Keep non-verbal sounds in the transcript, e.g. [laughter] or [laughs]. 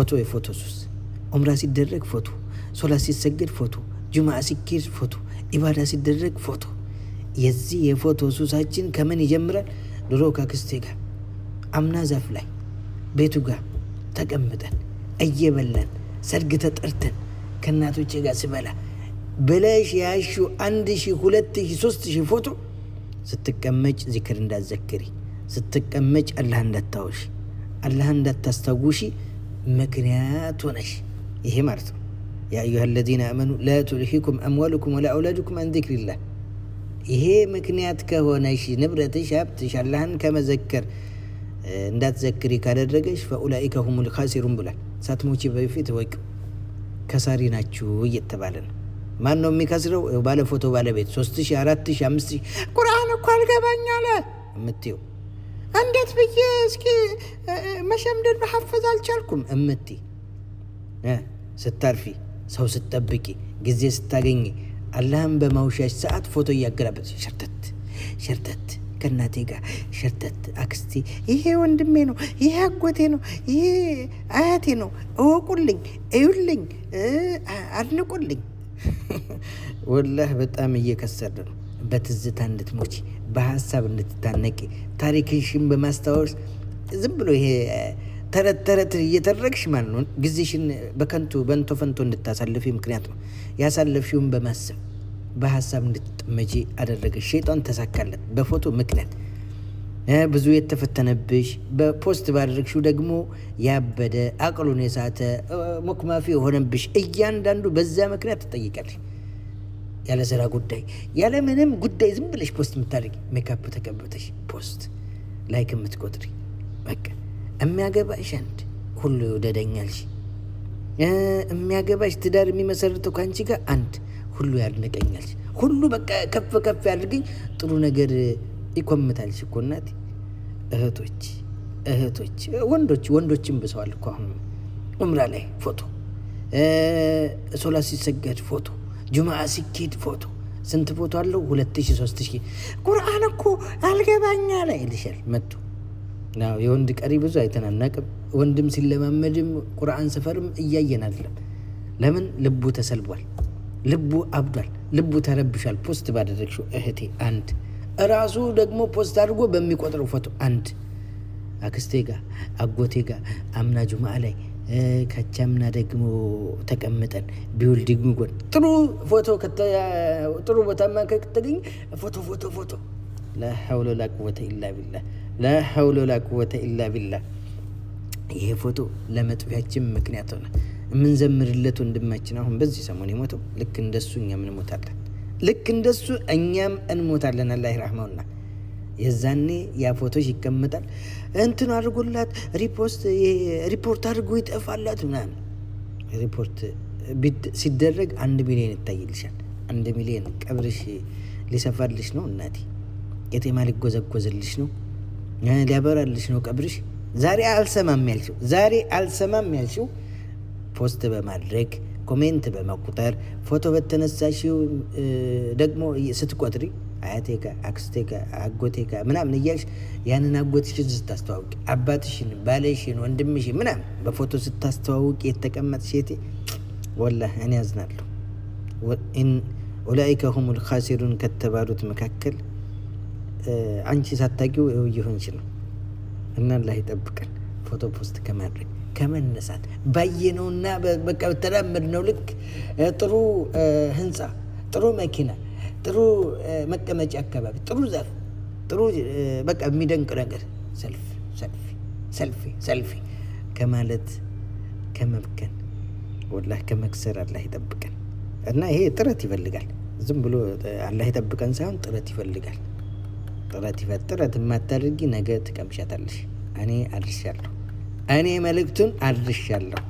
ፎቶ የፎቶ ሱስ ኦምራ ሲደረግ ፎቶ፣ ሶላት ሲሰገድ ፎቶ፣ ጁማ ሲኬድ ፎቶ፣ ኢባዳ ሲደረግ ፎቶ። የዚህ የፎቶ ሱሳችን ከምን ይጀምራል? ድሮ ከክስቴ ጋር አምና ዛፍ ላይ ቤቱ ጋር ተቀምጠን እየበላን ሰርግ ተጠርተን ከእናቶቼ ጋር ስበላ ብለሽ ያሹ አንድ ሺ ሁለት ሺ ሶስት ሺ ፎቶ ስትቀመጭ ዚክር እንዳትዘክሪ፣ ስትቀመጭ አላህ እንዳታወሺ፣ አላህ እንዳታስታውሺ ምክንያቱ ነሽ። ይሄ ማለት ነው ያ አዩሃ ለዚነ አመኑ ላ አምዋልኩም ወላ አውላጅኩም አን ዚክሪላህ። ይሄ ምክንያት ከሆነሽ ንብረትሽ፣ ሀብትሽ አላህን ከመዘከር እንዳትዘክሪ ካደረገሽ ፈኡላኢከ ሁሙል ልካሲሩን ብሏል። ሳትሞቺ በፊት ወቅ ከሳሪ ናችሁ እየተባለ ነው። ማን ነው የሚከስረው? ባለፎቶ ባለቤት ሶስት ሺ አራት ሺ አምስት ሺ ቁርአን እኮ አልገባኝ አለ የምትይው እንዴት ብዬ እስኪ መሸምደድ መሐፈዝ አልቻልኩም እምቲ ስታርፊ፣ ሰው ስትጠብቂ፣ ጊዜ ስታገኝ አላህን በማውሻሽ ሰዓት ፎቶ እያገላበጥ ሸርተት ሸርተት ከእናቴ ጋር ሸርተት አክስቴ፣ ይሄ ወንድሜ ነው፣ ይሄ አጎቴ ነው፣ ይሄ አያቴ ነው፣ እወቁልኝ፣ እዩልኝ፣ አድንቁልኝ። [laughs] ወላህ በጣም እየከሰር ነው። በትዝታ እንድትሞች፣ በሀሳብ እንድትታነቂ፣ ታሪክሽን በማስታወስ ዝም ብሎ ይሄ ተረት ተረት እየተረግሽ ማለት ነው ጊዜሽን በከንቱ በንቶ ፈንቶ እንድታሳልፊ ምክንያት ነው። ያሳለፊውን በማሰብ በሀሳብ እንድትጠመጂ አደረገሽ። ሸይጣን ተሳካለት በፎቶ ምክንያት ብዙ የተፈተነብሽ በፖስት ባደረግሽው ደግሞ ያበደ አቅሉን የሳተ ሞክማፊ የሆነብሽ እያንዳንዱ በዛ ምክንያት ትጠይቃለሽ። ያለ ስራ ጉዳይ ያለ ምንም ጉዳይ ዝም ብለሽ ፖስት የምታደርጊ ሜካፕ ተቀብተሽ ፖስት ላይክ የምትቆጥሪ በቃ የሚያገባሽ አንድ ሁሉ ደደኛልሽ የሚያገባሽ ትዳር የሚመሰርተው ከአንቺ ጋር አንድ ሁሉ ያድንቀኛልሽ ሁሉ በቃ ከፍ ከፍ ያድርግኝ ጥሩ ነገር ይኮምታልሽ እኮ እናቴ። እህቶች እህቶች ወንዶች ወንዶችም ብሰዋል እኮ አሁን ላይ ፎቶ ሶላት ሲሰገድ ፎቶ ጁምዓ ሲኬድ ፎቶ ስንት ፎቶ አለው? ሁለት ሺ ሶስት ሺ ቁርአን እኮ አልገባኛ ላይ ይልሻል መጡ የወንድ ቀሪ ብዙ አይተናናቅም። ወንድም ሲለማመድም ቁርአን ስፈርም እያየን አይደለም። ለምን ልቡ ተሰልቧል፣ ልቡ አብዷል፣ ልቡ ተረብሿል። ፖስት ባደረግሽው እህቴ አንድ እራሱ ደግሞ ፖስት አድርጎ በሚቆጥረው ፎቶ አንድ አክስቴ ጋ አጎቴ ጋ አምና ጁምዓ ላይ ከቻምና ደግሞ ተቀምጠን ቢውልዲንግ ጎን ጥሩ ፎቶ ጥሩ ቦታማ ከተገኘ ፎቶ ፎቶ ፎቶ ላሐውሎ ላቁወተ ኢላ ቢላ ላሐውሎ ላቁወተ ኢላ ቢላ። ይሄ ፎቶ ለመጥፊያችን ምክንያት ሆነ። የምንዘምርለት ወንድማችን አሁን በዚህ ሰሞን የሞተው ልክ እንደሱ እኛም እንሞታለን። ልክ እንደሱ እኛም እንሞታለን። አላህ ይራህመውና የዛኔ ያ ፎቶች ይቀመጣል። እንትን አድርጎላት ሪፖርት ሪፖርት አድርጎ ይጠፋላት ምናምን ሪፖርት ሲደረግ አንድ ሚሊዮን ይታይልሻል። አንድ ሚሊዮን ቀብርሽ ሊሰፋልሽ ነው እናቴ፣ ቄጤማ ሊጎዘጎዝልሽ ነው፣ ሊያበራልሽ ነው ቀብርሽ። ዛሬ አልሰማም ያልሽው ዛሬ አልሰማም ያልሽው ፖስት በማድረግ ኮሜንት በመቁጠር ፎቶ በተነሳሽው ደግሞ ስትቆጥሪ አያቴ ጋር አክስቴ ጋር አጎቴ ጋር ምናምን እያልሽ ያንን አጎትሽን ስታስተዋውቅ አባትሽን፣ ባለሽን፣ ወንድምሽን ምናምን በፎቶ ስታስተዋውቅ የተቀመጥ ሴቴ ወላሂ እኔ ያዝናለሁ። ኡላኢከ ሁሙል ልካሲሩን ከተባሉት መካከል አንቺ ሳታቂው ይኸው እየሆንሽ ነው። እና ላ ይጠብቀን ፎቶ ፖስት ከማድረግ ከመነሳት ባየነውና በቃ ነው ልክ ጥሩ ህንፃ ጥሩ መኪና ጥሩ መቀመጫ አካባቢ፣ ጥሩ ዛፍ፣ ጥሩ በቃ የሚደንቅ ነገር ሰልፍ ሰልፊ ሰልፊ ሰልፊ ከማለት ከመብከን ወላህ ከመክሰር አላህ ይጠብቀን እና ይሄ ጥረት ይፈልጋል። ዝም ብሎ አላህ ይጠብቀን ሳይሆን ጥረት ይፈልጋል። ጥረት ይፈ ጥረት የማታደርጊ ነገ ትቀምሻታለሽ። እኔ አድርሻለሁ። እኔ መልእክቱን አድርሻለሁ።